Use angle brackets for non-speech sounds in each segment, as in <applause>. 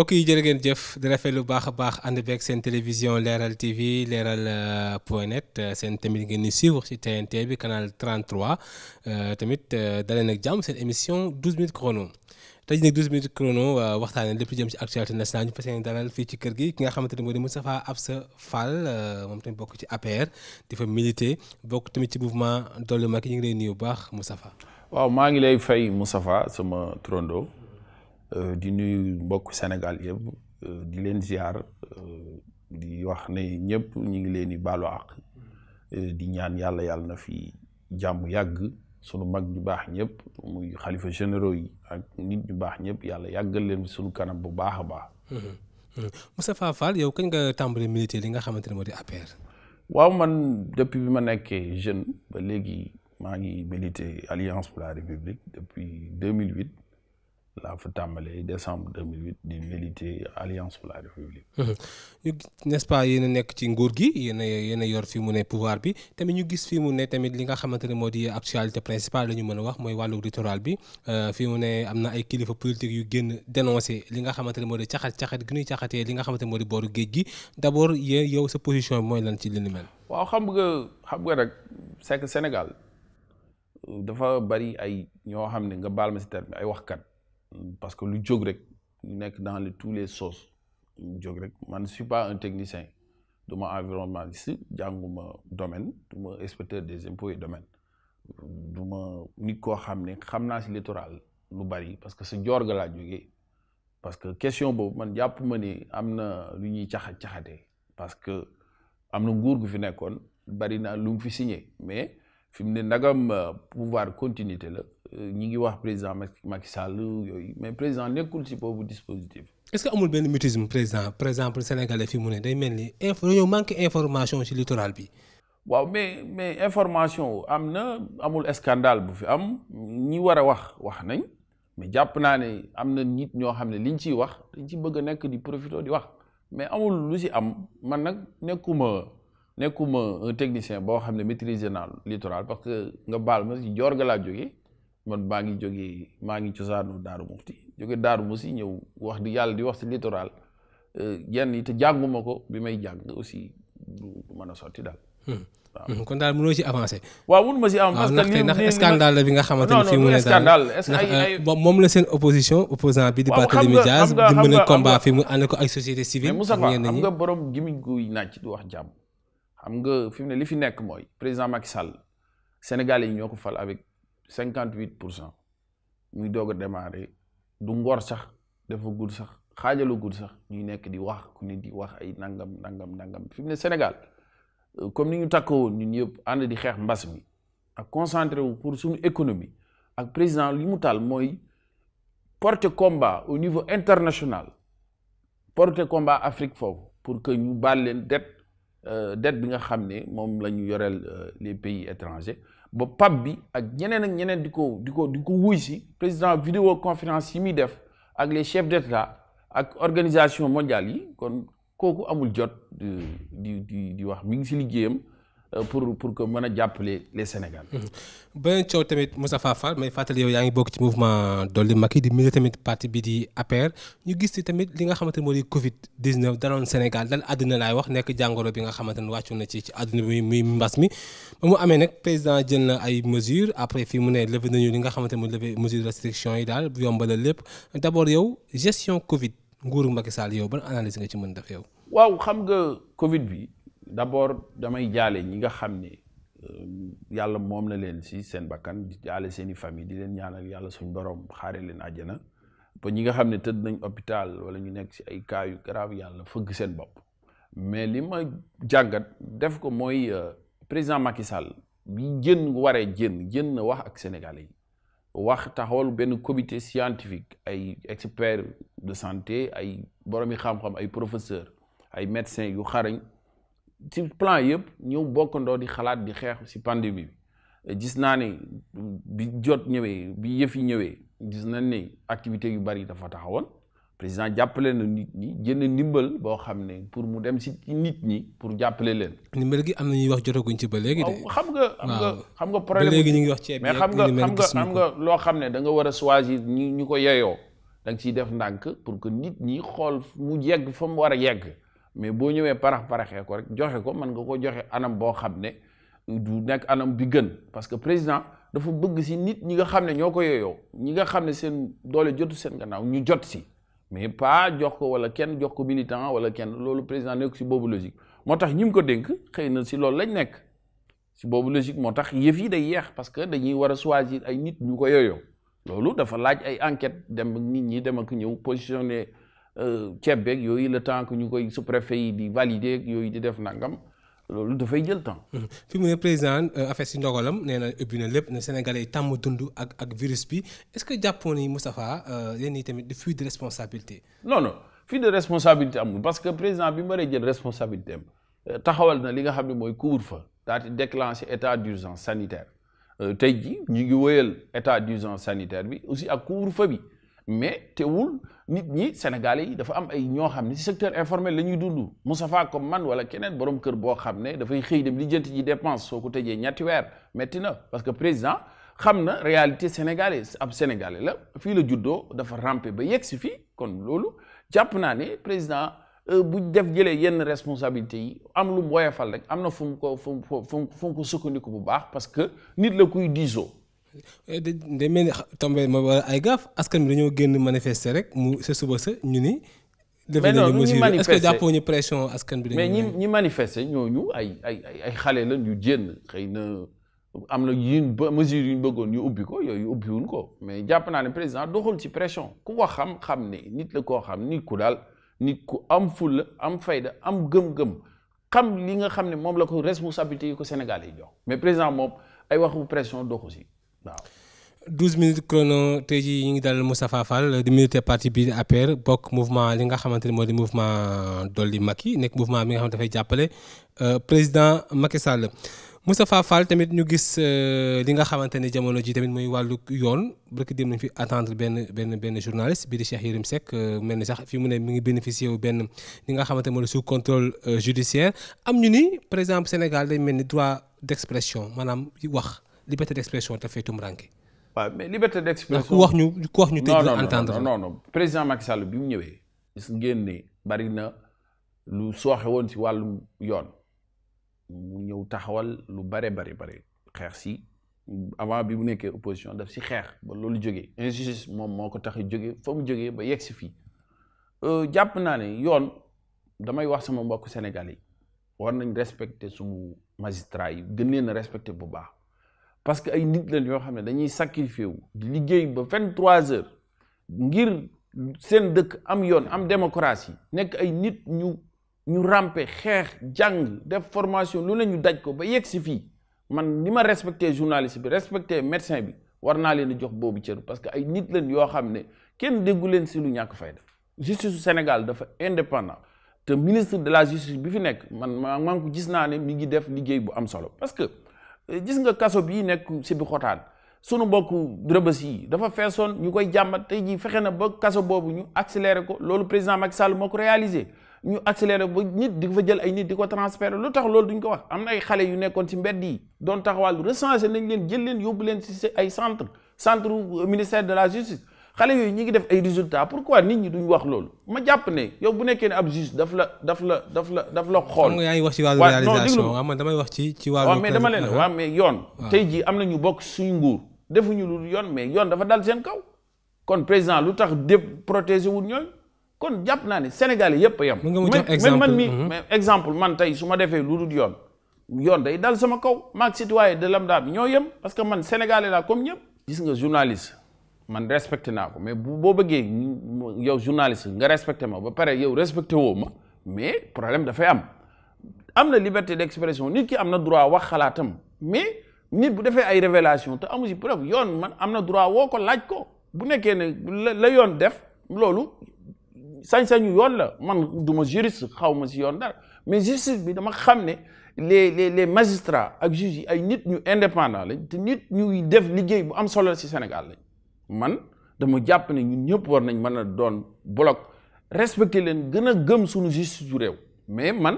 mbokk yi jërë ngeen jëf di rafet lu baax baax ànd beeg seen télévision leeral TV leeral euh, point net euh, seen tamit ngeen di suivre ci TNT bi canal 33 euh, tamit daleen ak jàmm seen émission 12 minutes chrono. tey jii nag 12 minutes chrono waxtaanee lépp jëm ci actualité nationale ñu fas yéene dalal fii ci kër gi ki nga xamante ne moo di Moustapha Absa Fall moom tamit bokk ci APR di fa militer bokk tamit ci mouvement Dolli Macky ñu ngi leen nii bu baax Moustapha. waaw maa ngi lay fay Moustapha sama trondo Euh, di nuyu mbokk Sénégal yëpp euh, di leen ziar euh, di wax ne ñëpp ñu ngi leen di baalu àq di ñaan yàlla yàlla na fi jàmm yàgg sunu mag ñu baax ñëpp muy xalifa généraux yi ak nit ñu baax ñëpp yàlla yàggal leen sunu kanam bu baax a baax. Moustapha Fall yow kañ nga tàmbali militaire yi nga xamante ne moo di APR. waaw man depuis bi ma nekkee jeune ba léegi maa ngi milité Alliance pour la République depuis 2008. laa fa tàmbalee décembre 2008 di militer alliance pour la république. Mhm. ñu nest nekk ci nguur gi yéen a yéen a yor fi mu ne pouvoir bi tamit ñu gis fi mu ne tamit li nga xamante ne moo di actualité principale la ñu mën a wax mooy wàllu littoral bi euh, fi mu ne am na ay kilifa politique yu génn dénoncé li nga xamante ne moo di caxat caxat gi ñuy caxatee li nga xamante ne moo di booru géej gi d'abord yéen yow sa position bi mooy lan ci li ni mel. waaw xam nga xam nga rek c'est que Sénégal dafa bari ay ñoo xam ne nga baal ma ay waxkat. parce que lu jóg rek nekk dans le tous les sauces lu jóg rek man ne un technicien du ma environnementiste jànguma domaine du ma des impôts et domaines du ma nit koo xam ne xam naa si littoral lu bari parce que sa joor ga laa jógee parce que question boobu man jàpp ma ni am na lu ñuy caxat caxatee parce que am na nguur gu fi nekkoon bari naa lu fi signé mais fi mu ne nagam euh, pouvoir continuité la euh, ñi ngi wax président Macky Sall yooyu mais président nekkul si boobu dispositif. est-ce que amul benn mutisme président par exemple sénégalais ne day mel ni info dañoo information ci littoral bi. waaw mais mais information am na amul scandale bu fi am ñi war a wax wax nañ mais jàpp naa ne am na nit ñoo xam ne li ñu ciy wax dañ ci bëgg a nekk di profito di wax mais amul lu si am man nag nekkuma. nekkuma un technicien boo xam ne maîtriser naa littoral parce que nga baal ma si joor ga laa jóge man maa ngi jóge maa ngi cosaanu Daaru Muxti jóge Daaru Muxti ñëw wax di yàlla di wax si littoral euh, yenn yi te jànguma ko bi may jàng aussi du mën a sotti daal. Hmm. waaw hmm. kon daal mënoo ci avancé. Ah, bi nga xamante ni fii mu ne daal euh, moom la seen opposition opposant bi di Barthélémy Dias di mën a combat fi mu ànd ko ay société civile. mais Moussa xam nga borom gimiñ guy naaj du wax jàmm. xam nga fi mu ne li fi nekk mooy président Macky Sall Sénégalais yi ñoo ko fal avec cinquante huit pour cent muy doog a démarrer du ngor sax dafa gudd sax xaajalu gudd sax ñuy nekk di wax ku ne di wax ay nangam nangam nangam fi ne Sénégal euh, comme ni ñu takk woon ñu ñun yëpp ànd di xeex mbas mi ak concentré wu pour suñ économie ak président li mu taal mooy porter combat au niveau international porter combat Afrique foofu pour que ñu baal leen det Euh, dette bi nga xam ne moom la ñu yoreel euh, les pays étranger ba PAP bi ak ñeneen ak ñeneen di ko di ko di ko wuy si président vidéo conférence yi muy def ak les chefs d'État ak organisation mondiale yi kon kooku amul jot di di di wax mi ngi si liggéeyam Euh, pour pour que mën a jàppale les Sénégal. Mhm. beneen coow tamit Moustapha Fall may fàttali yow yaa ngi bokk ci mouvement Dolli Macky di militer tamit parti bi di APR ñu gis ci tamit li nga xamante ne moo di Covid 19 daloon Sénégal dal àdduna laay wax nekk jàngoro bi nga xamante ne wàccu na ci ci àdduna bi muy mbas mi. ba mu amee nag président jël na ay mesures après fii mu ne levé nañu li nga xamante ne mu levé mesures restriction yi daal yombalal lépp d' abord yow gestion Covid nguuru Macky Sall yow ban analyse nga ci mën def yow. waaw xam nga Covid bi. d'abord damay jaale ñi nga xam ne euh, yàlla moom la leen si seen bakkan di jaale seen i famille di leen ñaanal yàlla suñ borom xaare leen àjjana ba ñi nga xam ne tëdd nañ hôpital wala ñu nekk si ay cas yu yàlla fëgg seen bopp mais li ma jàngat def ko mooy euh, président Macky Sall bi jën waree jën jën na wax ak sénégal yi wax taxawal benn comité scientifique ay experts de santé ay boroomi xam-xam ay professeurs ay médecins yu xarañ ci plan yëpp ñëw bokkandoo di xalaat di xeex si pandémie bi gis naa ni bi jot ñëwee bi yëf yi ñëwee gis nañ ni activité yu bari dafa woon président jàppale na nit ñi jënd ndimbal boo xam ne pour mu dem si nit ñi pour jàppale leen. ndimbal gi am na ñuy wax jotaguñ ci ba léegi de. xam nga xam nga xam nga ñu ngi wax ceeb mais xam nga xam nga xam nga loo xam ne danga nga war a choisir ñi ñu ko yeyoo danga nga ciy def ndànk pour que nit ñi xool mu yegg fa mu war a yegg. mais boo ñëwee parax paraxee ko rek joxe ko mën nga ko joxe anam boo xam ne du nekk anam bi gën parce que président dafa bëgg si nit ñi nga xam ne ñoo ko yooyoo ñi nga xam ne seen doole jotu seen gannaaw ñu jot si mais pas jox ko wala kenn jox ko militant wala kenn loolu président nekk si boobu logique moo tax ñi mu ko dénk xëy na si loolu lañ nekk si boobu logique moo tax yëf yi da yeex parce que dañuy war a choisir ay nit ñu ko yooyoo loolu dafa laaj ay enquête dem nit ñi dem ak ñëw positionné Euh, ceeb beeg yooyu le temps que ñu koy sous-préfet yi di valider ak yooyu di def nangam loolu dafay jël temps. Mm-hmm. fi mu ne président euh, affaire si ndogalam nee na ubbi na lépp ne Sénégalais yi tàmm dund ak ak virus bi est-ce que jàppoon ni Moustapha euh, yéen ñii tamit de fuite de responsabilité. non non fuite de responsabilité amul parce que président bi mu waree jël responsabilité am taxawal na li nga xam ne mooy couvre-feu daal di état état d'urgence sanitaire tey ji ñu ngi wëyal état d'urgence sanitaire bi aussi ak couvre-feu mais teewul nit ñi sénégalais yi dafa am ay ñoo xam ne ci secteur informel la ñuy dund Moustapha comme man wala keneen borom kër boo xam ne dafay xëy dem lijjanti ji dépense soo ko tëjee ñetti weer métti na parce que président xam na réalité sénégalaise ab sénégalais la fii la juddoo dafa ramper ba yegg si fii kon loolu jàpp naa ne président euh, bu def jëlee yenn responsabilité yi am lu mu woyofal rek am na fu mu ko fu mu ko fu mu ko bu baax parce que nit la kuy diisoo. Eh, day mel ni tombé ma ay gaaf askan bi dañoo génn manifester rek mu sa suba sa ñu ni. mais non ñu manifester est-ce jàppoo ñu pression askan bi. mais ñi ñi manifester ñooñu ay ay ay xale la ñu jénn xëy na am na yu ba mesure yuñ bëggoon ñu ubbi ko yooyu ubbiwuñ ko mais jàpp naa ne président doxul ci pression ku ko xam xam ne nit la koo xam nit ku daal nit ku am fulla am fayda am gëm-gëm xam li nga xam ne moom la ko responsabilité yi ko Sénégal yi jox mais président moom ay pression waaw. 12 minutes chrono tey jii ñu ngi dalal Moustapha Fall di militaire parti bi APR bokk mouvement li nga xamante ne moo di mouvement Dolli yi nekk mouvement mi nga xam dafay jàppale euh, président Macky Sall Moustapha Fall tamit ñu gis euh, li nga xamante ne jamono ji tamit muy wàllu yoon rek dem nañ fi attendre benn benn benn journaliste bii di Cheikh Yérim Seck euh, mel ni sax fi mu ne mi ngi bénéficié wu benn li nga xamante ne moo di sous contrôle judiciaire am ñu ni par exemple Sénégal day mel ni droit d'expression maanaam wax. liberté d'expression dafay tumurànke waaw mais liberté d'expression ku wax ñu ku wax ñu tey dina entendre non non président Macky Sall bi mu ñëwee gis ngeen ne bari na lu sooxe woon si wàllum yoon mu ñëw taxawal lu bare bare bare xeex si avant bi mu nekkee opposition daf si xeex ba loolu jógee injustice moom moo ko tax jógee fa mu jógee ba yegg si fii euh, jàpp naa ne yoon damay wax sama mbokk Sénégal yi war nañ respecter suñu magistrat yi gën leen a respecter bu baax parce que ay nit lañ yoo xam ne dañuy sacrifié wu di liggéey ba vingt trois heures ngir seen dëkk am yoon am démocratie nekk ay nit ñu ñu rampe xeex jàng def formation lu ne ñu daj ko ba yegg si fii man ni ma respecté journaliste bi respecté médecin bi war naa leen a jox boobu cër parce que ay nit leen yoo xam ne kenn déggu leen si lu ñàkk fay def justice su Sénégal dafa indépendant te ministre de la justice bi fi nekk man maa ngi ko gis naa ne mi ngi def liggéey bu am solo parce que gis nga kaso bii nekk si bi xotaan sunu mbokk rëbës yi dafa feesoon ñu koy jàmbat tey jii fexe na ba kaso boobu ñu accéléré ko loolu président Macky Sall moo ko réalisé ñu accéléré ba nit di fa jël ay nit di ko transféré lu tax loolu duñ ko wax am na ay xale yu nekkoon ci mbedd yi doon taxawal recensé nañ leen jël leen yóbbu leen ci ay centre centre ministère de la justice xale yooyu ñu ngi def ay pour pourquoi nit ñi duñ wax loolu ma jàpp ne yow bu nekkee ne ab juge daf la daf la daf la daf la xool. yaa ngi wax ci wàllu damay wax ci ci wàllu. mais dama leen waaw mais yoon. tey ji am na ñu bokk suñu nguur. defuñu lu yoon mais yoon dafa dal seen kaw kon président lu tax dép protéger wul ñooy kon jàpp naa ne Sénégal yëpp a yem. mu nga man mi mm-hmm. mais exemple man tey su ma defee lu dul yoon. yoon day dal sama kaw maag citoyen de lambda bi ñoo yem parce que man sénégalais laa comme ñëpp gis nga journaliste man respecté naa ko mais bu boo bëggee yow journaliste nga respecté ma ba pare yow respecté woo ma mais problème dafay am am na liberté d'expression nit ki am na droit wax xalaatam mais nit bu defee ay révélation te amu ci preuve yoon man am na droit woo ko laaj ko bu nekkee ne la yoon def loolu sañ-sañu yoon la man duma ma juriste xaw ma si yoon dara mais justice bi dama xam ne les les les ak juges yi ay nit ñu indépendant lañ te nit ñuy def liggéey bu am solo ci Sénégal man dama jàpp ne ñun ñëpp war nañ mën a doon bloc respecté leen gën a gëm suñu justice du réew mais man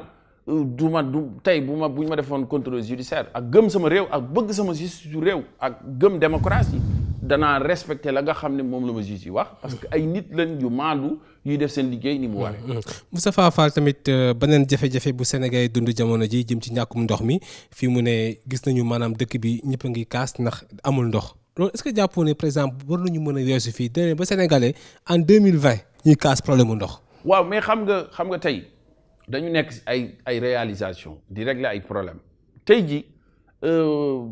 euh, du ma du tey bu ma bu ñu ma defoon contrôle judiciaire ak gëm sama réew ak bëgg sama justice du réew ak gëm démocratie danaa respecté la nga xam ne moom la ma juge yi wax parce que ay nit lañ yu maandu yuy def seen liggéey ni mu waree. Mm-hmm. Moustapha Fall tamit euh, beneen jafe-jafe bu Sénégal yi dund jamono ji jëm ci ñàkkum ndox mi fii mu ne gis nañu maanaam dëkk bi ñëpp a ngi kaas ndax amul ndox. loolu est-ce que jàppoo ne par exemple war nañu mën a weesu fii déedéet ba sénégalais en deux mille vingt ñuy kaas problème mu ndox. waaw mais xam nga xam nga tey dañu nekk ay ay réalisation di régler ay problème tey ji euh,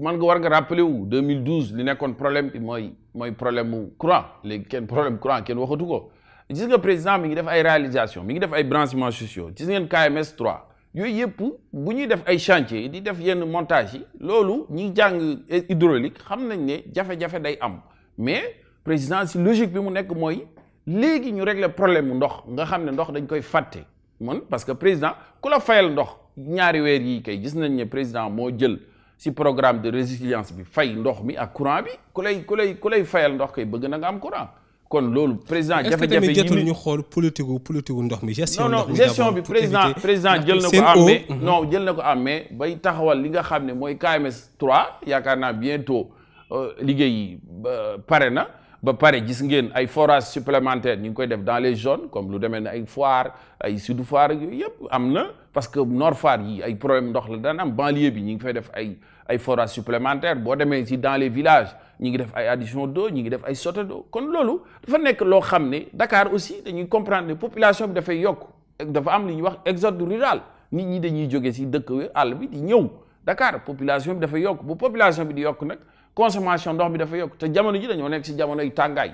man nga war nga rappelé wu 2012 li nekkoon problème mooy mooy problème mu courant léegi kenn problème courant kenn waxatu ko gis nga mi ngi def ay réalisation mi ngi def ay branchements sociaux gis ngeen KMS 3. yooyu yëpp bu ñuy def ay chantier yi di def yenn montage loolu ñi jàng hydraulique xam nañ ne jafe-jafe day am mais président si logique bi mu nekk mooy léegi ñu regle problème mu ndox nga xam ne ndox dañ koy fàtte man parce que président ku la fayal ndox ñaari weer yi kay gis nañ ne président moo jël si programme de résilience bi fay ndox mi ak courant bi ku lay ku lay ku lay fayal ndox kay bëgg na nga am courant kon loolu président jafe-jafe yi jotul ñu xool politique gu politique gu ndox mi gestion ndox mi gestion bi président président jël na ko am mais non mhm. jël ko am bay taxawal li nga xam ne mooy KMS 3 yaakaar naa bien bientôt euh, liggéey ba pare na ba pare gis ngeen ay forages supplémentaires ñu ngi koy def dans les zones comme lu demee ne ay Foire ay Sud Foire yooyu yëpp am na parce que noor Foire yi ay problème ndox la daan am banlieue bi ñu ngi fay def ay ay forage supplémentaire boo demee si dans les villages ñi ngi def ay addition d'eau ñi ngi def ay sotte d'eau kon loolu dafa nekk loo xam ne dakaar aussi dañuy comprendre population bi dafa yokk dafa am li ñuy wax exode rural nit ñi dañuy jóge si dëkk àll bi di ñëw dakaar population bi dafay yokk bu population bi di yokk nag consommation ndox bi dafa yokk te jamono ji dañoo nekk si jamonoy tàngaay.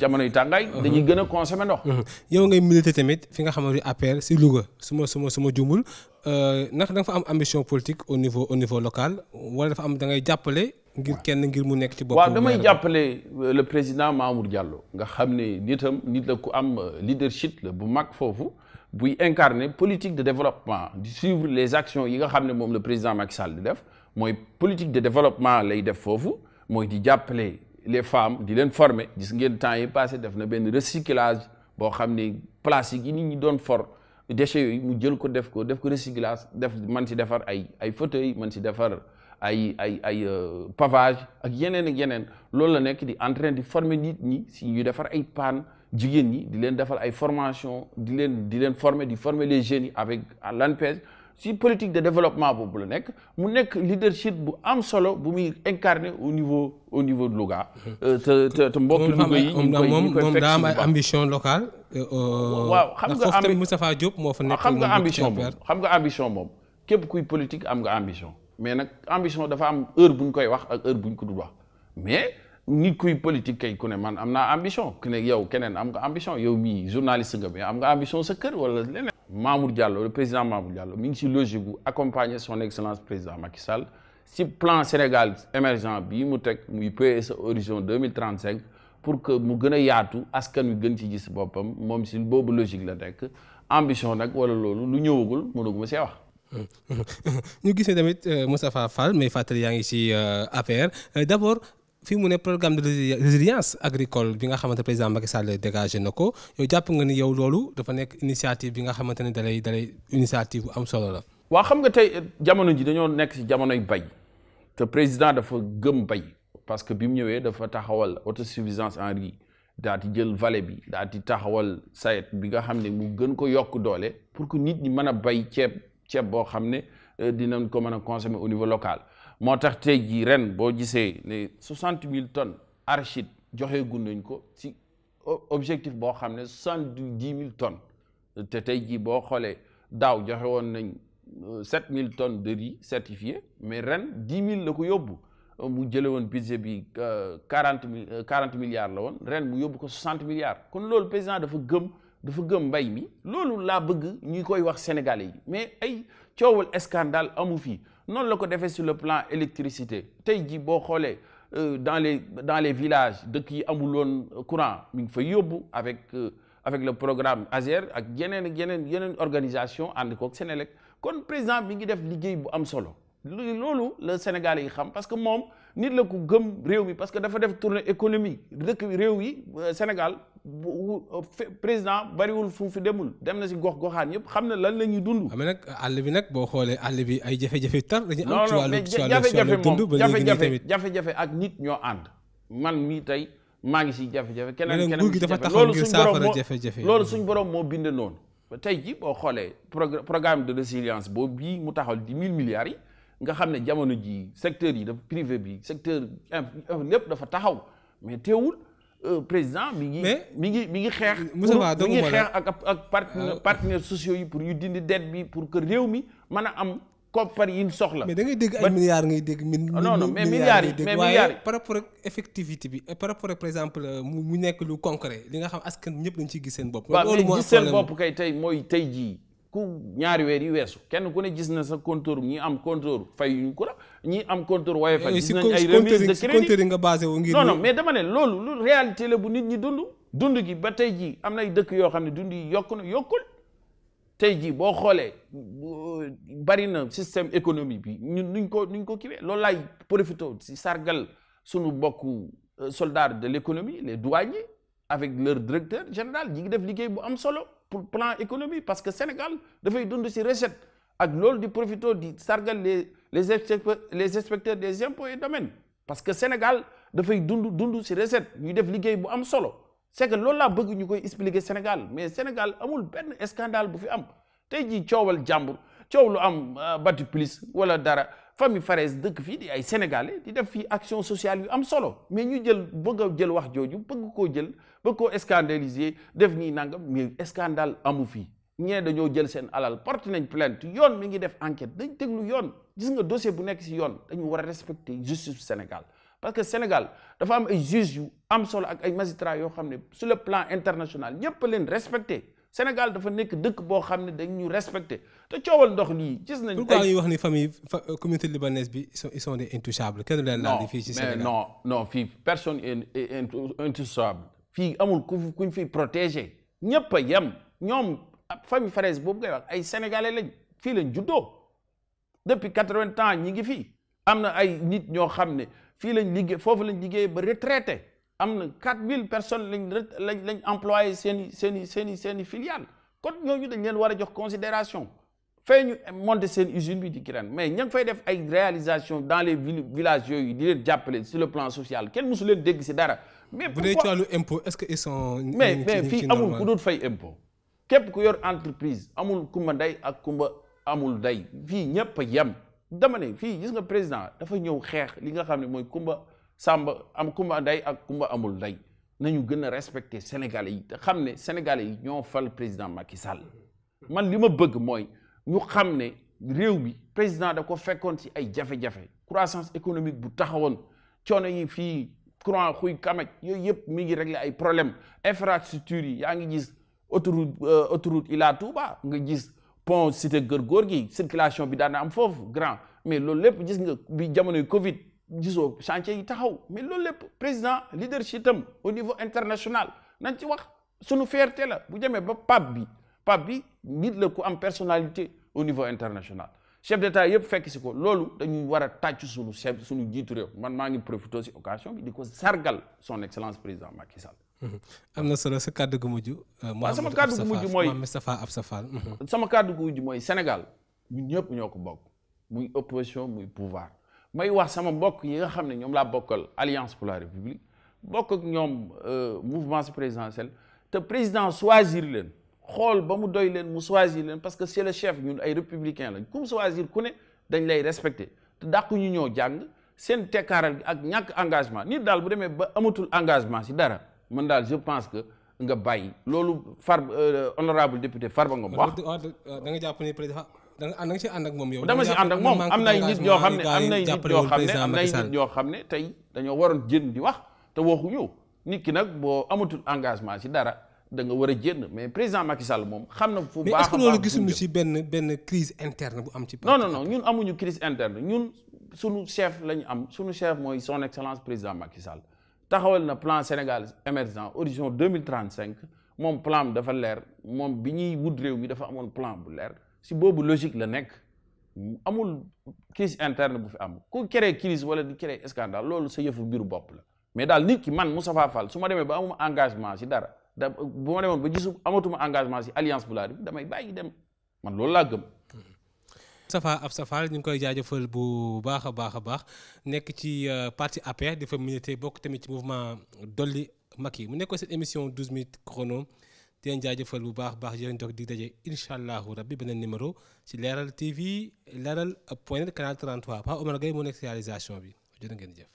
jamonoy tàngaay. dañuy gën a consommer ndox. Mhm. yow ngay militer tamit fi nga xam xamante ni APR si Louga suma ma su ma su ma juumul euh, ndax da am ambition politique au niveau au niveau local wala am da ngay jàppale. ngir kenn ngir mu nekk ci boppam. waaw damay jàppale euh, le président Mamour Diallo nga xam ne nitam nit la ku am euh, leadership la bu mag foofu. buy incarner politique de développement di suivre les actions yi nga xam ne moom le président Macky Sall di def. mooy politique de développement lay def foofu mooy di jàppale les femmes di leen former gis ngeen temps yi passé def na benn recyclage boo xam ne plastique yi nit ñi doon for déchets yooyu mu jël ko def ko def ko recyclage def man si defar ay ay yi man si defar ay ay ay euh, pavage ak yeneen ak yeneen loolu la nekk di en di former nit ñi si ñu defar ay paan jigéen ñi di leen defal ay formation di leen di leen former di former les jeunes yi avec l'ANPEJ ci politique de développement boobu la nekk mu nekk leadership bu am solo bu muy incarné au niveau au niveau de Louga. Euh, te te te mbokk Louga yi ñu koy ñu koy fekk daa am ay ambition locale. Euh, euh, waaw xam nga xam nga ambition moom xam nga ambition moom képp kuy politique am nga ambition. mais nag ambition dafa am heure bu ñu koy wax ak heure bu ñu ko dul wax mais. nit kuy politique kay ku man am naa ambition ku ne yow keneen am nga ambition yow mii journaliste nga mais am nga ambition sa kër wala leneen. Mamour Diallo le président Mamour Diallo mu ngi si logique gu accompagner son excellence président Macky Sall si plan Sénégal émergent bii mu teg muy PSE horizon deux mille trente cinq pour que mu gën a yaatu askan wi gën ci gis boppam moom si boobu logique la nekk ambition nag wala loolu lu ñëwagul mënuguma see wax. <laughs> ñu gisee tamit euh, Moustapha Fall mais fàttali yaa ngi ci euh, APR euh, d'abord fii mu ne programme de résilience agricole bi nga xamante président Macky Sall dégagé na ko yow jàpp nga ni yow loolu dafa nekk initiative bi nga xamante ne dalay dalay initiative bu am solo la. waa xam nga tey jamono ji dañoo nekk si jamonoy bay te président dafa gëm bay parce que bi mu ñëwee dafa taxawal auto autosuffisance en riz daa di jël vallée bi daa di taxawal sayet bi nga xam ne mu gën ko yokk doole pour que nit ñi mën a bay ceeb ceeb boo xam ne euh, dinañ ko mën a consommer au niveau moo tax tey jii ren boo gisee ne soixante mille tonnes arachide joxe gun nañ ko si objectif boo xam ne soixante-dix mille tonnes te tey jii boo xoolee daaw joxe woon nañ euh, sept mille tonnes de riz mais ren dix mille la ko yóbbu mu jële woon budget bi euh, quarante mille euh, quarante milliards la woon ren mu yóbbu ko soixante milliards kon loolu président dafa gëm dafa gëm mbay mi loolu laa bëgg ñu koy wax sénégalais yi mais ay coowal scandale amu fii noonu la ko defee sur le plan électricité tey ji boo xoolee euh, dans les dans les villages dëkk yi amul woon courant mi ngi fay yóbbu avec euh, avec le programme ASER ak yeneen yeneen yeneen organisation ànd koog Senelec kon président mi ngi def liggéey bu am solo loolu la Sénégalais yi xam parce que moom nit la ku gëm réew mi parce que dafa def tournée économique dëkk réew yi euh, Sénégal euh, président bariwul fu fi demul dem na si gox goxaan yëpp xam ne lan la ñuy dund. xam ah, nag àll bi nag boo xoolee àll bi ay jafe-jafe tar. dañu am ci wàllu ci wàllu dund ba léegi nii tamit jafe-jafe ak nit ñoo ànd man mii tey maa ngi si jafe-jafe. keneen keneen nguur gi dafa taxaw ngir saafara jafe-jafe loolu suñ borom moo bind noonu. tey ji boo xoolee programme de résilience boobu bii mu taxawal di mille milliards yi nga xam ne jamono ji secteur yi dafa privé bi secteur lépp dafa taxaw mais téewul euh, président mi ngi. mi ngi mi ngi xeex. mi ngi xeex ak ak partenaires euh, partenaires sociaux yi pour ñu dindi dette bi pour que réew mi mën a am koppar yi ñu soxla. mais da ngay dégg ay milliards ngay dégg. min non non mais milliards mais milliards par rapport ak effectivité bi par rapport exemple euh, mu nekk lu concret li nga xam askan ñëpp dañ ciy gis seen bopp. loolu moo seen bopp kay tey mooy tey jii. ku ñaari weer yu weesu kenn ku ne gis na sa compteur ñi am compteur fay ñu ko la ñi am compteur waaye fa gis nañ ay remise de crédit nga basé wu ngir non non mais dama ne loolu lu réalité la bu nit ñi dund dund gi ba tey jii am na ay dëkk yoo xam ne dund yi yokku na yokkul tey jii boo xoolee bari na système économie bi ñun nuñ ko nuñ ko kiwee loolu laay profité si sargal sunu bokku euh, soldats de l'économie les douaniers avec leur directeur général ñi ngi def liggéey bu am solo pour plan économie parce que Sénégal dafay dund si recette ak loolu di profito di sargal les les les inspecteurs des impôts et domaines parce que Sénégal dafay dundu dundu si recette ñuy def liggéey bu am solo c'est que loolu la bëgg ñu koy expliquer Sénégal mais Sénégal amul benn scandale bu fi am tey jii coowal jàmbur coow lu am euh, bati police wala dara famille Farès dëkk fii di ay sénégalais di def fii action sociale yu am solo mais ñu jël bëgg jël wax jooju bëgg koo jël bëgg koo def nii nangam mais scandale amu fii ñee dañoo jël seen alal porte nañ plainte yoon mi ngi def enquête dañ déglu yoon gis nga dossier bu nekk si yoon dañu war a respecter justice Sénégal parce que Sénégal dafa am ay juges yu am solo ak ay magistrats yoo xam ne sur le plan international ñëpp leen respecté Sénégal dafa nekk dëkk boo xam ne dañ ñu respecté te coowal ndox lii gis nañ. tey pourquoi ñuy wax ni famille euh, communauté libanaise bi ils sont des intouchables kenn leen laal fii ci Sénégal non non fii personne est intouchable fii amul ku kuñ fiy protégé ñëpp a yem ñoom famille Fares boobu ngay wax ay sénégalais lañ fii lañ juddoo depuis quatre-vingts ans ñi ngi fii am na ay nit ñoo xam ne fii lañ liggéey foofu lañ liggéey ba retraité. am na mille personnes lañ lañ lañ employé seen i seen i seen i seen i filiale kon ñooñu dañ leen war a jox considération fee ñu monte seen usine bi di ren mais ña ngi fay def ay réalisation dans les village yooyu di leen jàppale sur le plan social kenn mosu leen dégg si dara. mais bu dee ci wàllu impôt est-ce que ils sont. mais fii amul ku doon fay impôt képp ku yor entreprise amul kumba ndey ak kumba amul ndey fii ñëpp a yem dama ne fii gis nga président dafa ñëw xeex li nga xam ne mooy kumba. sàmba am kumba nday ak kumba amul nday nañu gën a respecté sénégalais yi te xam ne sénégalais yi ñoo fal président Macky Sall man li ma bëgg mooy ñu xam ne réew bi président da ko fekkoon si ay jafe-jafe croissance économique bu taxawoon coono yi fii courant xuy kamaj yooyu yëpp mi ngi régler ay problème infrastructure yi yaa ngi gis autoroute euh, autoroute Ila Touba nga gis pon cité kër góor gi circulation bi daan am foofu grand mais loolu lépp gis nga bi Covid gisoo chantier yi taxaw mais loolu lépp président leadership am au niveau international nañ ci wax sunu fierté la bu jëmee ba pape bi pape bi nit la ko am personnalité au niveau international chef d'état yëpp fekk si ko loolu dañuy war a tàcc sunu chef sunu jiitu réew man maa ngi profité si occasion bi di ko sargal son excellence président Macky Sall. Mmh. am na solo sa kàddu gu mujj. waaw euh, ah, sama kàddu gu mujj mooy Moustapha Absa Fall mmh. sama kàddu gu mujj mooy Sénégal ñun ñëpp ñoo ko bokk muy opposition muy pouvoir. may wax sama mbokk yi nga xam ne ñoom laa bokkal alliance pour la république bokk ak ñoom euh, mouvement présidentiel te président choisir leen xool ba mu doy leen mu choisir leen parce que c'est le chef ñun ay républicain lañ ku mu choisir ku ne dañ lay respecter te dàqu ñu ñoo jàng seen tekkaaral gi ak ñàkk engagement nit daal bu demee ba amatul engagement si dara man daal je pense que nga bàyyi loolu far euh, honorable député Farba Ngom wax euh, da nga jàpp ni président da nga ànd ak si ànd ak moom yow. ak moom am na nit ñoo xam ne am nay nit ñoo xam ne am nay xam ne tey dañoo waroon jënd di wax te waxuñu nit ki nag boo amatul engagement si dara da nga war a jënd mais président Macky moom xam na fu baax a baax mais si benn benn crise interne bu am ci. non non non ñun amuñu crise interne ñun suñu chef la ñu am suñu chef mooy son excellence président Macky Sall taxawal na plan Sénégal émergent horizon 2035 moom plan dafa leer moom bi ñuy wut réew mi dafa amoon plan bu leer. si boobu logique la nekk amul crise interne bu fi am ku créer crise wala di créer scandale loolu sa yëfu mbiru bopp la mais daal nit ki man Moustapha Fall su ma demee ba amuma engagement si dara da bu ma demoon ba gisu amatuma engagement si alliance bu laa bi damay bàyyi dem man loolu laa gëm Moustapha Absa Fall ñu ngi koy jaajëfal bu baax a baax a baax nekk ci euh, parti APR di fa milité bokk tamit ci mouvement dolli Macky mu nekk seen émission 12 minutes chrono di leen jaajëfal bu baax baax yéen doog di daje incha allahu rabbi beneen numéro ci leeral TV leeral point net canal 33 Pape Omar Gueye moo nekk réalisation bi jërë ngeen jëf.